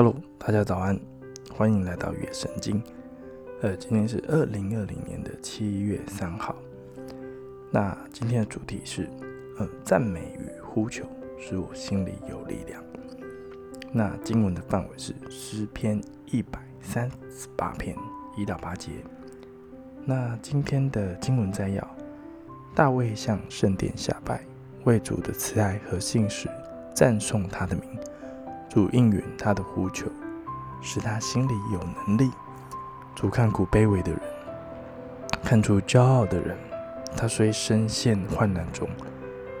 Hello，大家早安，歡迎來到樂聖經。呃，今天是二零二零年的七月三號。那今天的主題是，呃，讚美與呼求，使我心裡有力量。那經文的範圍是詩篇一百三十八篇一到八節。那今天的經文摘要：大衛向聖殿下拜，為主的慈愛和信實讚頌他的名字。主應允他的呼求，使他心裡有能力；主看顧卑微的人，看出驕傲的人。他雖身陷患難中，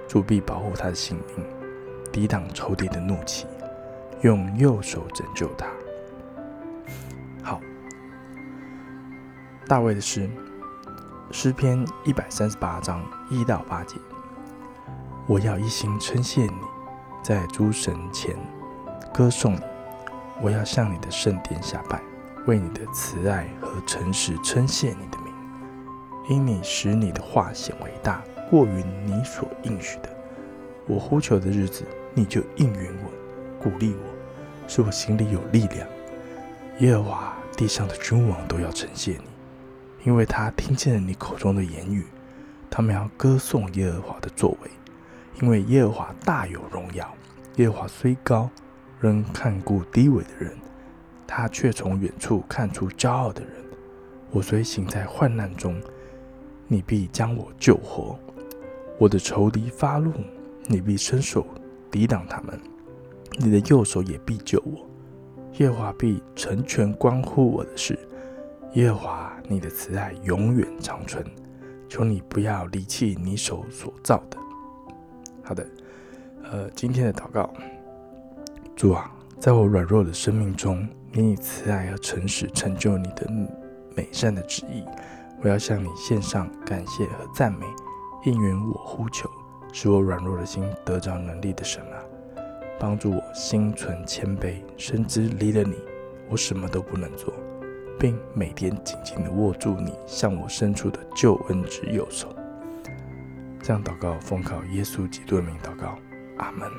主必保護他的性命，抵擋仇敵的怒氣，用右手拯救他。好，大衛的詩，詩篇一百三十八章一到八節：我要一心稱謝你，在諸神前。歌頌你，我要向你的聖殿下拜，為你的慈愛和誠實稱謝你的名。因你使你的話顯為大，過於你所應許的。我呼求的日子，你就應允我，鼓勵我，使我心裡有力量。耶和華，地上的君王都要稱謝你，因為他聽見了你口中的言語，他們要歌頌耶和華的作為，因為耶和華大有榮耀。耶和華雖高。仍看顧低微的人，他卻從遠處看出驕傲的人。我雖行在患難中，你必將我救活；我的仇敵發怒，你必伸手抵擋他們。你的右手也必救我，耶和華必成全關乎我的事。耶和華，你的慈愛永遠長存，求你不要離棄你手所造的。好的，呃，今天的禱告。主啊，在我軟弱的生命中，你以慈愛和誠實成就你的美善的旨意。我要向你獻上感謝和讚美，應允我呼求，使我軟弱的心得着能力的神啊，幫助我心存謙卑，深知離了你，我什麼都不能做，並每天緊緊地握住你向我伸出的救恩之右手。這樣禱告，奉靠耶穌基督的名禱告，阿門。